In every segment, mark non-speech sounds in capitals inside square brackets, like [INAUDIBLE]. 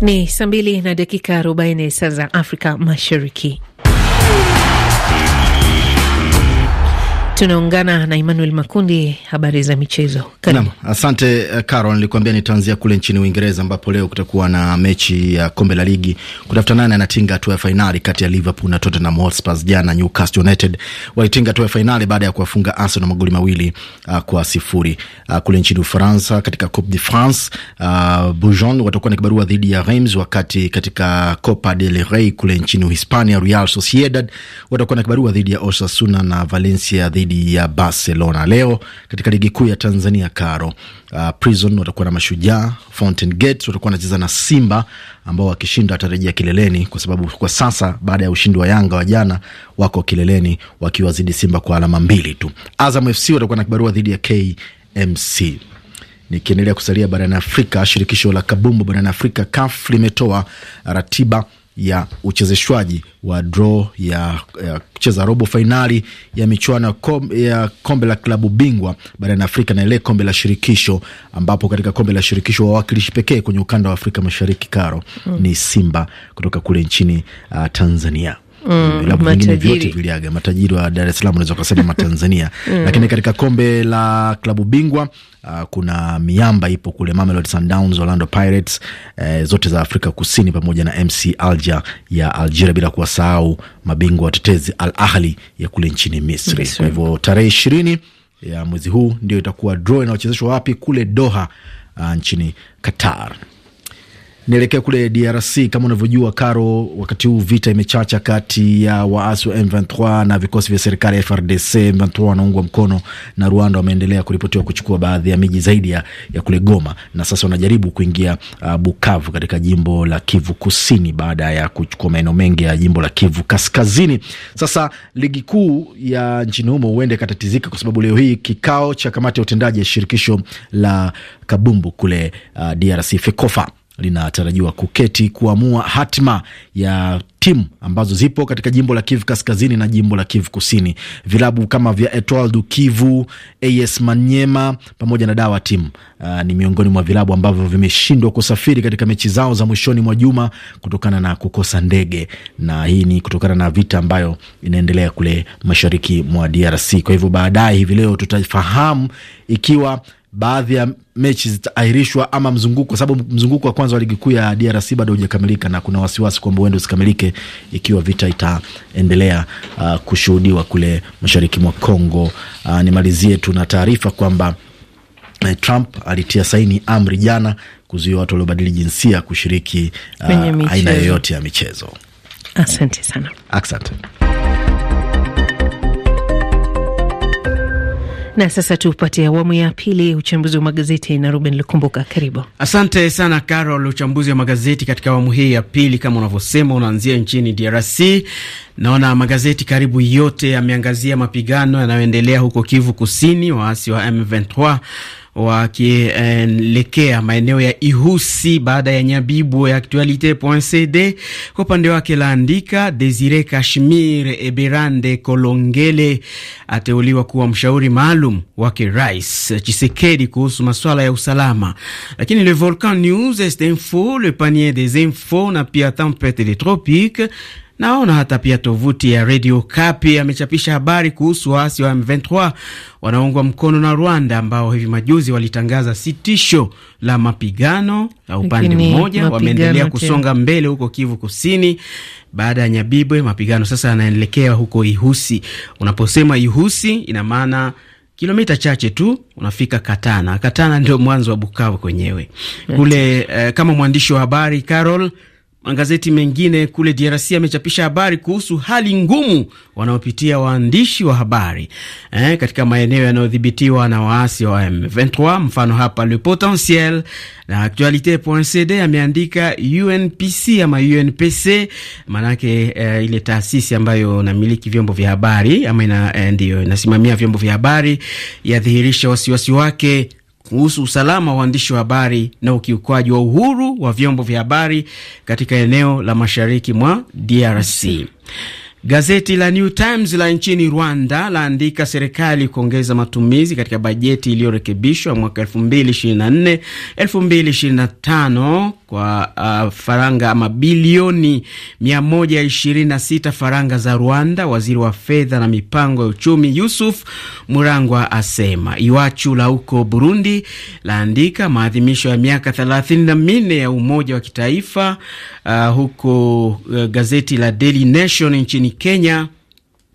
Ni saa mbili na dakika arobaini saa za Afrika Mashariki. Tunaungana na Emmanuel Makundi, habari za michezo. Naam, asante eh, Carol. Nilikuambia nitaanzia kule nchini Uingereza ambapo leo kutakuwa na mechi ya kombe la ligi kutafuta nane anatinga hatua ya fainali kati ya Liverpool na Tottenham Hotspur. Jana Newcastle United walitinga hatua ya fainali baada ya kuwafunga Arsenal magoli mawili uh, kwa sifuri. Uh, kule nchini Ufaransa katika Coupe de France uh, ah, Bujon watakuwa na kibarua dhidi ya Reims, wakati katika Copa del Rey kule nchini Uhispania Real Sociedad watakuwa na kibarua dhidi ya Osasuna na Valencia dhidi dhidi ya Barcelona. Leo katika ligi kuu ya Tanzania Karo, uh, Prison watakuwa na Mashujaa, Fountain Gate watakuwa wanacheza na Simba ambao wakishinda watarejea kileleni, kwa sababu kwa sasa baada ya ushindi wa Yanga wa jana wako kileleni wakiwa zidi Simba kwa alama mbili tu. Azam FC watakuwa na kibarua dhidi ya KMC. Nikiendelea kusalia barani Afrika, shirikisho la kabumbu barani Afrika, CAF limetoa ratiba ya uchezeshwaji wa draw ya, ya kucheza robo fainali ya michuano kom, ya kombe la klabu bingwa barani Afrika na ile kombe la shirikisho, ambapo katika kombe la shirikisho wawakilishi pekee kwenye ukanda wa Afrika Mashariki karo mm, ni Simba kutoka kule nchini uh, Tanzania. Mm, vilabu vingine vyote viliaga. Matajiri wa Dar es Salaam unaweza ukasema Matanzania [LAUGHS] mm. Lakini katika kombe la klabu bingwa uh, kuna miamba ipo kule Mamelodi Sundowns, Orlando Pirates eh, zote za Afrika Kusini pamoja na MC Alger ya Algeria, bila kuwasahau mabingwa watetezi Al Ahli ya kule nchini Misri. Kwa hivyo tarehe ishirini ya mwezi huu ndio itakuwa draw inayochezeshwa wapi? Kule Doha, uh, nchini Qatar. Nielekea kule DRC kama unavyojua Karo, wakati huu vita imechacha kati ya waasi wa M23 na vikosi vya serikali ya FRDC. M23 wanaungwa mkono na Rwanda, wameendelea kuripotiwa kuchukua baadhi ya miji zaidi ya, ya kule Goma, na sasa wanajaribu kuingia uh, Bukavu katika jimbo la Kivu Kusini baada ya kuchukua maeneo mengi ya jimbo la Kivu Kaskazini. Sasa ligi kuu ya nchini humo huenda ikatatizika kwa sababu leo hii kikao cha kamati ya utendaji ya shirikisho la kabumbu kule uh, DRC FEKOFA linatarajiwa kuketi kuamua hatima ya timu ambazo zipo katika jimbo la Kivu Kaskazini na jimbo la Kivu Kusini. Vilabu kama vya Etoile du Kivu, AS Manyema pamoja na Dawa Timu uh, ni miongoni mwa vilabu ambavyo vimeshindwa kusafiri katika mechi zao za mwishoni mwa juma kutokana na kukosa ndege, na hii ni kutokana na vita ambayo inaendelea kule mashariki mwa DRC. Kwa hivyo baadaye hivi leo tutafahamu ikiwa baadhi ya mechi zitaahirishwa ama mzunguko, kwa sababu mzunguko wa kwanza wa ligi kuu ya DRC bado hujakamilika na kuna wasiwasi kwamba huenda usikamilike ikiwa vita itaendelea uh, kushuhudiwa kule mashariki mwa Kongo. Uh, nimalizie tu na taarifa kwamba uh, Trump alitia saini amri jana kuzuia watu waliobadili jinsia kushiriki uh, aina yoyote ya michezo. Asante sana, asante. Na sasa tupate awamu ya pili uchambuzi wa magazeti na Ruben Lukumbuka, karibu. Asante sana Carol. Uchambuzi wa magazeti katika awamu hii ya pili, kama unavyosema, unaanzia nchini DRC. Naona magazeti karibu yote yameangazia mapigano yanayoendelea huko Kivu Kusini, waasi wa M23 wakielekea maeneo ya Ihusi baada ya Nyabibu ya Actualite.cd. Kwa upande wake laandika Desire Kashmir Eberande Kolongele ateuliwa kuwa mshauri maalum wake Rais Chisekedi kuhusu maswala ya usalama. Lakini Le Volcan News, Info, Le Panier des Infos na pia Tempete des Tropiques Naona hata pia tovuti ya Radio Kapi amechapisha habari kuhusu waasi wa M23 wanaungwa mkono na Rwanda ambao hivi majuzi walitangaza sitisho la mapigano la upande mmoja, wameendelea kusonga mbele huko Kivu Kusini baada ya Nyabibwe. Mapigano sasa yanaelekea huko Ihusi. Unaposema Ihusi, ina maana kilomita chache tu unafika Katana. Katana ndio mwanzo wa Bukavu kwenyewe kule. Eh, kama mwandishi wa habari Carol Magazeti mengine kule DRC yamechapisha habari kuhusu hali ngumu wanaopitia waandishi wa habari eh, katika maeneo yanayodhibitiwa na waasi wa M23. Mfano hapa Le Potentiel na Actualite.cd ameandika UNPC ama UNPC, maanake eh, ile taasisi ambayo inamiliki vyombo vya habari ama ina, eh, ndiyo inasimamia vyombo vya habari yadhihirisha wasiwasi wake kuhusu usalama wa waandishi wa habari na ukiukwaji wa uhuru wa vyombo vya habari katika eneo la mashariki mwa DRC. Gazeti la New Times la nchini Rwanda laandika serikali kuongeza matumizi katika bajeti iliyorekebishwa mwaka 2024 2025 kwa uh, faranga ama bilioni 126 faranga za Rwanda. Waziri wa fedha na mipango ya uchumi Yusuf Murangwa asema. Iwachu la huko Burundi laandika maadhimisho ya miaka 34 ya umoja wa kitaifa uh, huko uh, gazeti la Daily Nation nchini Kenya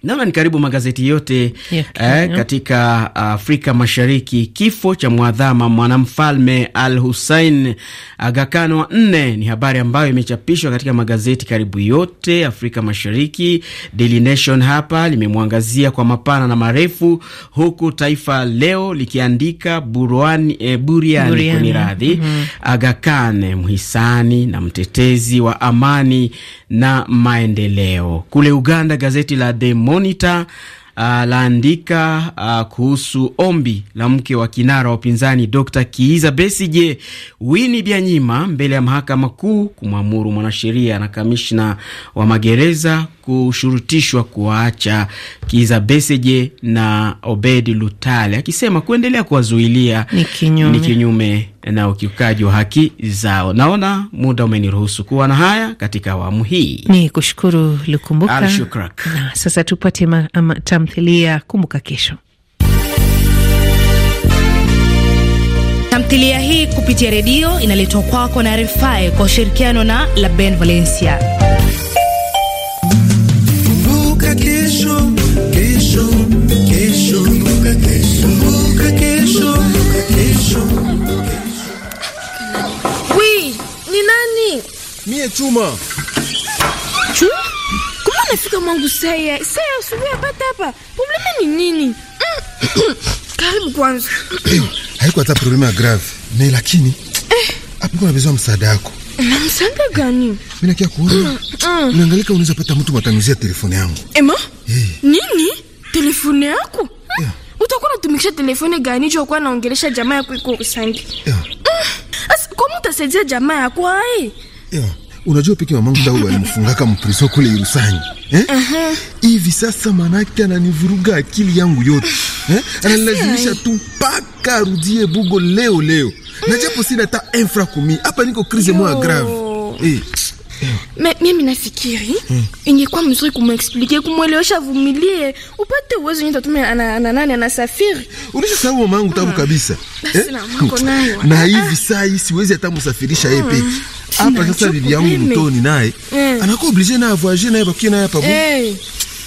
naona ni karibu magazeti yote yeah, eh, yeah. Katika uh, Afrika Mashariki, kifo cha mwadhama mwanamfalme Al Hussein Aga Khan wa nne ni habari ambayo imechapishwa katika magazeti karibu yote Afrika Mashariki. Daily Nation hapa limemwangazia kwa mapana na marefu, huku Taifa Leo likiandika buruani, eh, buriani, buriani. Kwenye radhi mm -hmm. Aga Khan mhisani na mtetezi wa amani na maendeleo. Kule Uganda gazeti la Demo Monitor uh, laandika uh, kuhusu ombi la mke wa kinara wa upinzani Dr. Kiiza wini Winnie Byanyima mbele ya mahakama kuu kumwamuru mwanasheria na kamishna wa magereza kushurutishwa kuwaacha Kiiza Besigye na Obed Lutale, akisema kuendelea kuwazuilia ni kinyume na ukiukaji wa haki zao. Naona muda umeniruhusu kuwa na haya katika awamu hii, ni kushukuru Lukumbuka. Na sasa tupate tamthilia Kumbuka Kesho. Tamthilia hii kupitia redio inaletwa kwako na RFI kwa ushirikiano na laben Valencia. Kumbuka Kesho. mie chuma chuma kama nafika mwangu saye saye asubuhi apata hapa, problema ni nini? Karibu hmm. [COUGHS] [COUGHS] kwanza. Haiko hata problema grave ni lakini hapo eh. kuna bezoa msaada yako. Na msaada gani? Mimi nakia kuona unaangalika, hmm, hmm. unaweza pata mtu matanuzia telefoni yangu. Ema? Eh. Nini? telefoni yako? Eh. Utakuwa unatumikisha telefoni gani juu kwa naongelesha jamaa yako iko usangi? Asa, kwa mtu atasaidia jamaa yako ai? yeah. Unajua peke mamangu dau [LAUGHS] alimfungaka mpriso kule Irusanyi eh? uh-huh. sasa manake ananivuruga akili yangu yote eh? Analazimisha tu mpaka arudie Bugo leo leo mm. Na japo eh. sina ta infra kumi hapa, niko krize moya grave eh. Me, mimi nafikiri eh? mm. ingekuwa mzuri kumwexplike kumwelewesha, vumilie upate uwezo nyinyi tatume ana, ana nani anasafiri. Ulishasahau mama yangu tabu hmm. kabisa eh? Na hivi saa hii siwezi hata msafirisha yeye hmm. peke hapa sasa bibi yangu mtoni naye eh, anakuwa oblige naye avoyaje naye bakie naye hapa eh.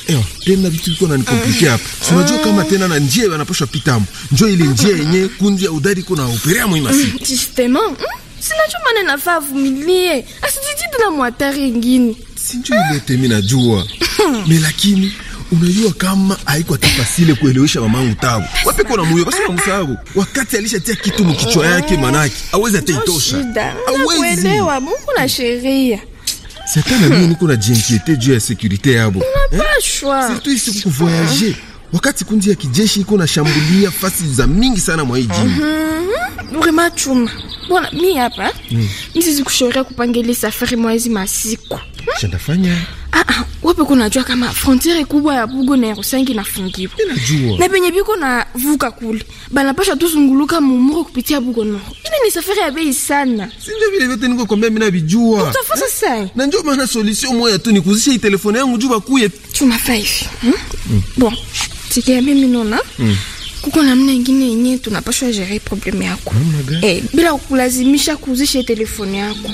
eh. tena vitu viko na nikomplike hapa mm. Unajua kama ah. tena na njia wanapasha pitamo njo ile njia ah. yenye kundi ya udari kuna operea mwima mm, si justement mm, sinajua maana nafaa vumilie asijiji bila mwatari ingine sinjo ile temi najua [LAUGHS] melakini Unajua kama haikuwa tafasile kuelewesha mamangu tabu. Wapi kuna muyo kasi na unamsahau. Wakati alishatia kitu mkichwa yake manaki, awezi ataitosha. Hawezi. Kuelewa Mungu na sheria. satana mimi niko na jinkiete juu ya security yabo. Unapashwa. Eh? Surtout ici ku voyager. Wakati kundi ya kijeshi iko na shambulia fasi za mingi sana mwa hii jini. Vraiment mhm. chuma. Bona mi hapa. Mimi mm. sikushauri kupangeli safari mwezi masiku. Shandafanya ah, ah, wewe kunajua kama frontiere kubwa ya Bugo na Rusangi nafungiwa. Ninajua. Na penye biko na vuka kule. Bana pasha tu zunguluka mumuro kupitia Bugo no. Ile ni safari ya bei sana. Si ndio vile vyote niko kwambia mimi nabijua. Utafasa eh? Sasa. Na ndio maana solution moja tu ni kuzisha hii telefone yangu juu bakuye. Chuma 5. Hmm? Mm. Bon. Sikia mimi nona. Mm. Kuko namna nyingine yenye tunapaswa jere problem yako. Eh, bila kulazimisha kuzisha telefone yako.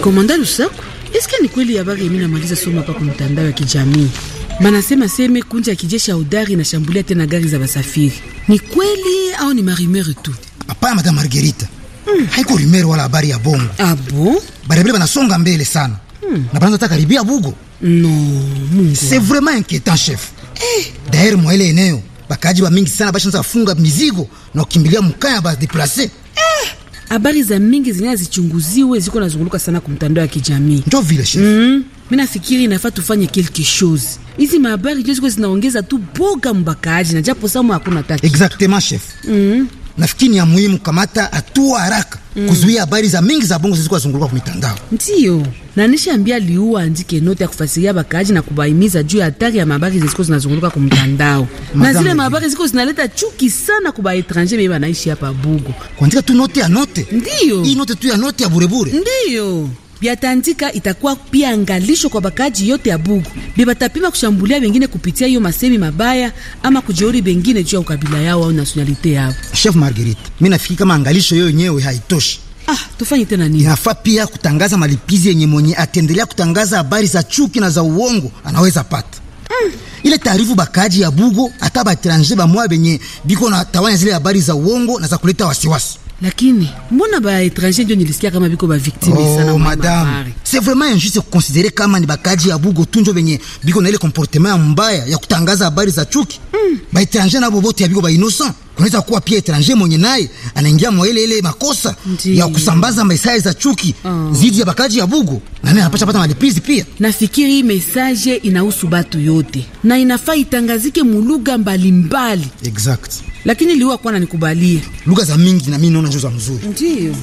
Komanda Lusaku, eske ni kweli habari yemi namaliza soma hapa kwa ya kijamii banasema seme kunja ya kijeshi ya udari inashambulia tena gari za wasafiri. Ni kweli au ni marimere tu? Hapana, madam Margarita, hmm. haiko rimere wala habari ya bongo. Abo ah barabara banasonga mbele sana hmm. na banaanza hata Bugo. No, Mungu, c'est vraiment inquiétant chef eh. Daer mwa eneo bakaji ba mingi sana bashanza kufunga mizigo na kukimbilia mkaya ba déplacer habari za mingi zenyewe zichunguziwe ziko nazunguluka sana kumtandao ya kijamii. Ndio vile chef. Mm. Mimi nafikiri inafaa tufanye quelque chose. Hizi mahabari ndio ziko zinaongeza tu boga mbakaji na japo samu hakuna taki. Exactement chef. Mm nafikiri ni ya muhimu kamata hatua haraka mm. kuzuia habari za mingi za bongo zilizokuwa zunguluka kumitandao mitandao. Ndio na nishaambia aliua andike note ya kufasiria bakaaji na kubaimiza juu ya hatari ya mabari zilizokuwa zinazunguluka kwa mitandao, na zile mabari ziko zinaleta chuki sana kwa baetranger bebe banaishi hapa Bugo. Kuandika tu note ya note, ndio hii note tu ya note ya burebure, ndio biatandika itakuwa pia angalisho kwa bakaji yote ya Bugu bebatapima kushambulia bengine kupitia hiyo masemi mabaya ama kujeuri bengine juu ya ukabila yao au nationalite yao. Chef Marguerite, mimi nafikiri kama angalisho hiyo yenyewe haitoshi. Ah, tufanye tena nini? Inafaa pia kutangaza malipizi yenye mwenye atendelea kutangaza habari za chuki na za uongo anaweza pata. Mm. Ile taarifu bakaji ya Bugo hata ba etranger mwa benye biko na tawanya zile habari za uongo na za kuleta wasiwasi. Lakini mbona ba etranger ndio nilisikia kama biko ba victime oh, sana madame. C'est vraiment injuste considérer kama ni bakaji ya bugo tunjo benye biko na ile comportement mbaya ya kutangaza habari za chuki. Mm. Ba etranger na bobote ya biko ba innocent. kunaweza kuwa pia etranger mwenye naye anaingia mwa ile ile makosa Ndi. ya kusambaza message za chuki oh, zidi ya bakaji ya bugo. Na naye anapata pata malipizi pia. Nafikiri hii message inahusu batu yote na inafaa itangazike mu lugha mbalimbali. Exact lakini liwa kwana nanikubalie lugha za mingi, na mi naona njo za mzuri, ndio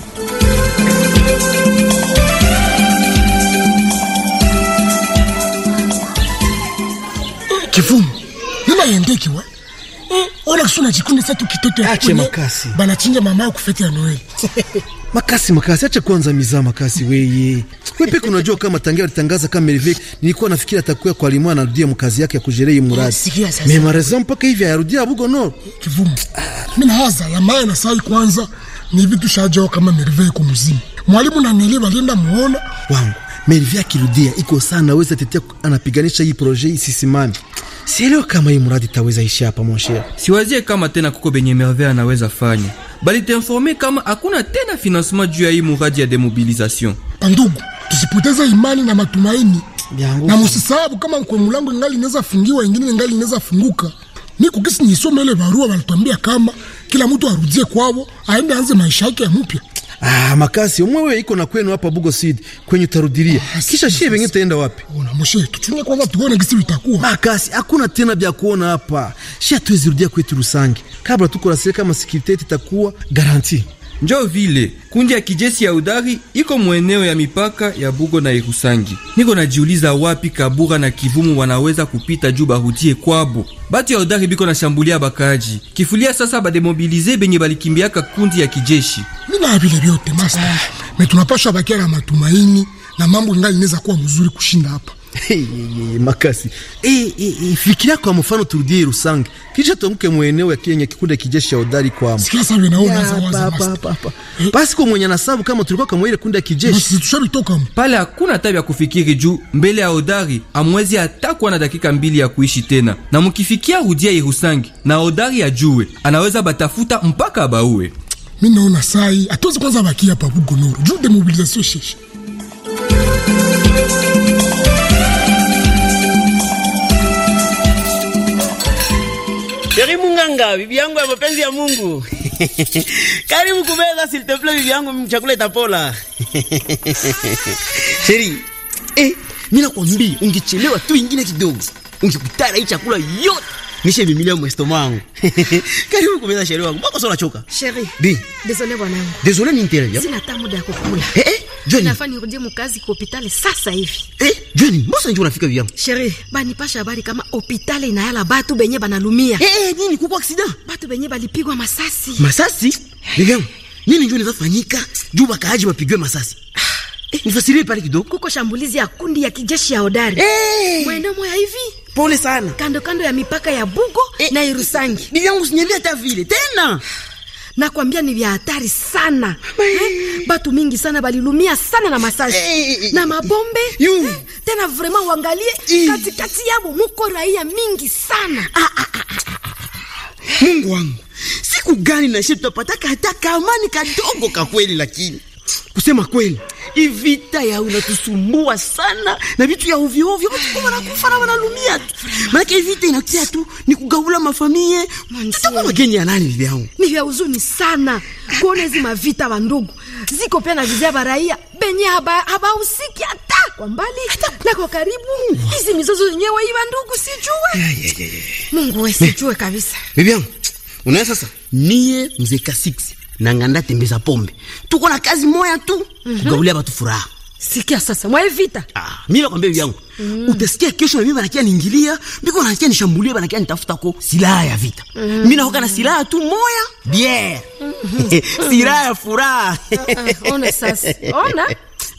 kifumu yuma yendeki wa ona na jikunde satu kitoto ya ache makasi banachinja mama kufeti ya Noeli [LAUGHS] makasi makasi, acha kwanza mizaa makasi weye wewe peke unajua kama tangia alitangaza kama Merve, nilikuwa nafikiri atakuwa kwa limu anarudia mkazi yake ya kujelei muradi. Mimi marezo mpaka hivi ayarudia abugo no. Kivumu. Mimi nawaza ya maana sai kwanza ni vitu shajao kama Merve kumzima. Mwalimu na niliva linda muona wangu. Merve akirudia iko sana weza tetea anapiganisha hii proje isisimame. Sielewi kama hii muradi itaweza ishi hapa mwashia. Siwazie kama tena kuko benye Merve anaweza fanya. Bali te informe kama hakuna tena financement juu ya hii muradi ya demobilisation. Pandugu, tusipoteze imani na matumaini Biangufu. na musisahabu kama kwa mulango ngali inaweza fungiwa ingine ngali inaweza funguka ni kukisi nisome ile barua walitwambia kama kila mtu arudie kwao aende anze maisha yake ya mpya Ah, makasi wewe iko na kwenu hapa Bugo Seed kwenye tarudiria. Ah, Kisha shie bengine taenda wapi? Ona mshe tuchunge kwanza tuone gisi vitakuwa. Makasi, hakuna tena vya kuona hapa. Shie tuwezirudia kwetu Rusangi. Kabla tuko na sekama security itakuwa garanti njo vile kundi ya kijeshi ya udari iko mweneo ya mipaka ya Bugo na Irusangi. Niko najiuliza wapi Kabura na Kivumu wanaweza kupita juu barudie kwabo. Batu ya udari biko na shambulia bakaji kifulia sasa, bademobilize benye balikimbiaka kundi ya kijeshi. Mina vile vyote master, ah. metunapashwa bakia na matumaini na mambo ngali neza kuwa mzuri kushinda hapa. Hey, eh, eh, hey, eh, makasi hey, hey, hey, fikiria kwa mfano turudie Rusange kisha tuanguke mweneo ya Kenya kikundi kijeshi ya udari kwa basi kwa mwenye nasabu kama tulikuwa kama ile kundi ya kijeshi pale, hakuna tabia kufikiri juu mbele ya odari amwezi atakwa na dakika mbili ya kuishi tena, na mkifikia rudia Rusange na odari ajue anaweza batafuta mpaka abaue. Mimi naona sai atuwezi kwanza bakia pa Bugonoru juu demobilizasio sheshe Nanga, bibi yangu ya mapenzi ya Mungu. [LAUGHS] Karibu kumeza s'il te plaît bibi yangu chakula itapola. [LAUGHS] Sheri. Eh, mimi nakwambia ungechelewa tu ingine kidogo. Ungekutana hii chakula yote. Nishe mimilia mwesto mangu. [LAUGHS] Karibu kumeza sheri wangu. Mbona unachoka? Sheri. Bi. Désolé bwanangu. Désolé ni intérêt. Sina tamu da kukula. Eh eh. Jweni. Nafaa nirudie mkazi kwa hospitali sasa hivi. Eh, Jenny, mbona njoo unafika hivi Sheri, Shere, bani pasha habari kama hospitali ina yala batu benye banalumia. Eh, eh, nini kuko accident? Batu benye balipigwa masasi. Masasi? Ndio. Nini njoo inafanyika? Juba kaaji wapigwe masasi. Eh, nifasirie pale kidogo. Kuko shambulizi ya kundi ya kijeshi ya Odari. Hey. Eh. Mwendo moya hivi. Pole sana. Kando kando ya mipaka ya Bugo eh, na Irusangi. Bibi yangu sinyelea hata vile. Tena nakwambia ni vya hatari sana eh? batu mingi sana balilumia sana na masaji hey, na mabombe eh? tena vrema uangalie katikati yabo muko raia mingi sana ah, ah, ah, Mungu wangu, siku gani naishi tutapataka hata kamani kadogo kakweli, lakini Kusema kweli, hii vita ya inatusumbua sana na vitu ya ovyo ovyo, watu wanakufa na wanalumia tu. Maana hii vita inatia tu ni kugaula mafamilie. Tutakuwa wageni ya nani bibi yangu? Ni vya huzuni sana kuona hizi mavita wa ndugu ziko pia na vizia raia benye habahusiki haba hata kwa mbali na kwa karibu. Hizi mizozo yenyewe iwa ndugu sijue. Yeah, yeah, yeah, yeah. Mungu wewe sijue kabisa. Bibi yangu, unaona sasa? Niye mzee Kasiksi na nganda tembeza pombe, tuko na kazi moya tu mm -hmm. kugaulia watu furaha. Sikia sasa, mwae vita ah, mimi nakwambia bibi yangu mm. Utasikia kesho na mimi banakia niingilia, biko nakia nishambulie, banakia nitafuta ko silaha ya vita mm. Mimi naoka na silaha tu moya biere mm -hmm. silaha ya furaha uh, uh, ona sasa, [LAUGHS] ona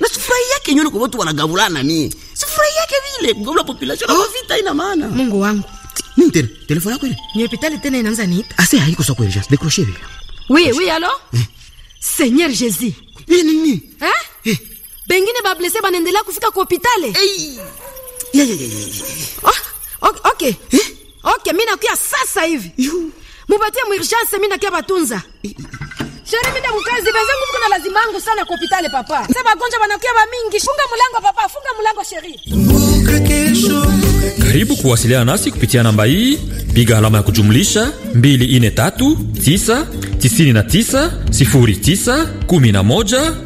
na sufurahi yake nyoni kwa watu wanagavulana, ni sufurahi yake vile kugavula population oh. Vita ina maana Mungu wangu nini tena? Telefoni yako ile ni hospitali tena inaanza niita ase haiko sako urgence decrocher bibi Oui, oui, alo Seigneur Jésus. Hii eh, nini? Eh. Bengine bablesse blessé kufika ku hospitali. Ah, ok Yeah, yeah, nakuya sasa hivi. mubatie muurgence urgence mimi nakuya batunza. Eh. Shari mimi mukazi bezangu mko na lazima yangu sana kwa hospitali papa. Sasa wagonjwa wanakuwa ba mingi. Funga mlango papa, funga mlango Sheri. Karibu kuwasiliana nasi kupitia namba hii, piga alama ya kujumlisha 243 9 99 09 11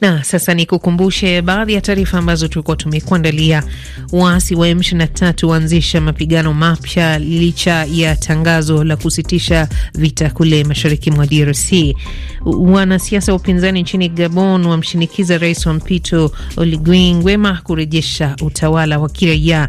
Na sasa ni kukumbushe baadhi ya taarifa ambazo tulikuwa tumekuandalia. Waasi wa M23 waanzisha mapigano mapya licha ya tangazo la kusitisha vita kule mashariki mwa DRC. Wanasiasa wa upinzani nchini Gabon wamshinikiza rais wa mpito Oligui Nguema kurejesha utawala wa kiraia.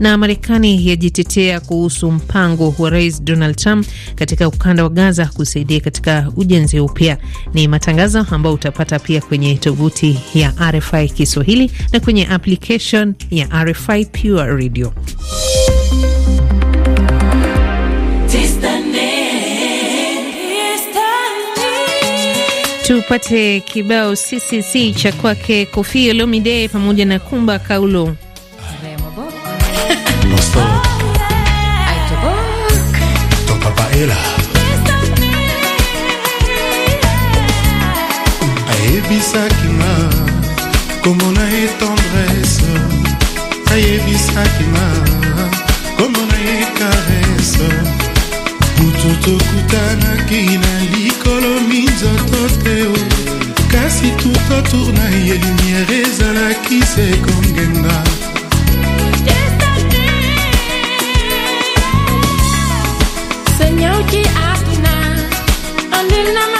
Na Marekani yajitetea kuhusu mpango wa rais Donald Trump katika ukanda wa Gaza kusaidia katika ujenzi upya. Ni matangazo ambayo utapata pia kwenye tovuti ya RFI Kiswahili na kwenye application ya RFI Pure Radio. Tupate kibao CCC cha kwake kofi Olomide pamoja na Kumba Kaulo. ayebisaki nga komona ye tendresse ayebisaki nga komona ye karese butu tokutanaki na likolo minzoto te kasi tout autour na ye lumière ezalaki se kongenga Seigneur qui a pris en une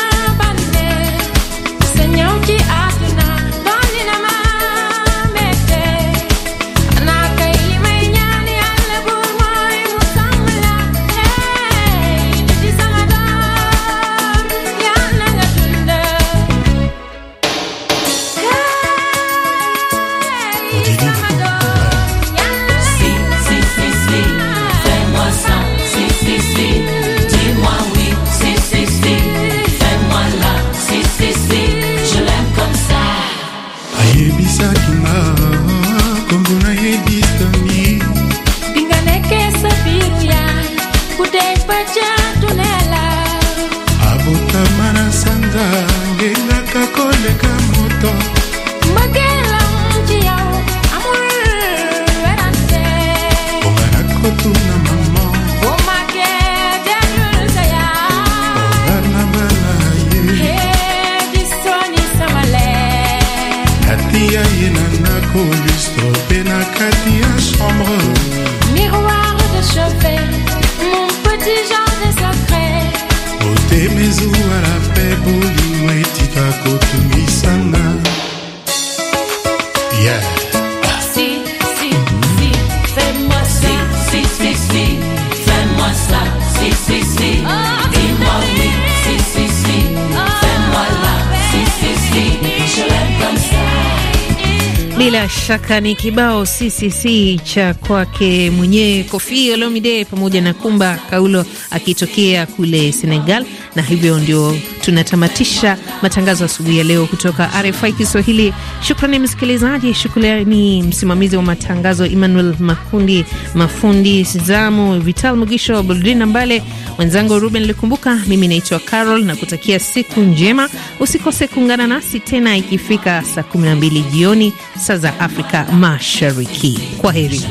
Bila shaka ni kibao CCC cha kwake mwenyewe Kofi Olomide pamoja na Kumba Kaulo akitokea kule Senegal, na hivyo ndio tunatamatisha matangazo asubuhi ya leo kutoka RFI Kiswahili. Shukrani msikilizaji, shukrani msimamizi wa matangazo Emmanuel Makundi, mafundi sizamu Vital Mugisho, Boldrina Mbale Mwenzangu Ruben Likumbuka, mimi naitwa Carol na kutakia siku njema. Usikose kuungana nasi tena ikifika saa 12 jioni saa za Afrika Mashariki. Kwa heri.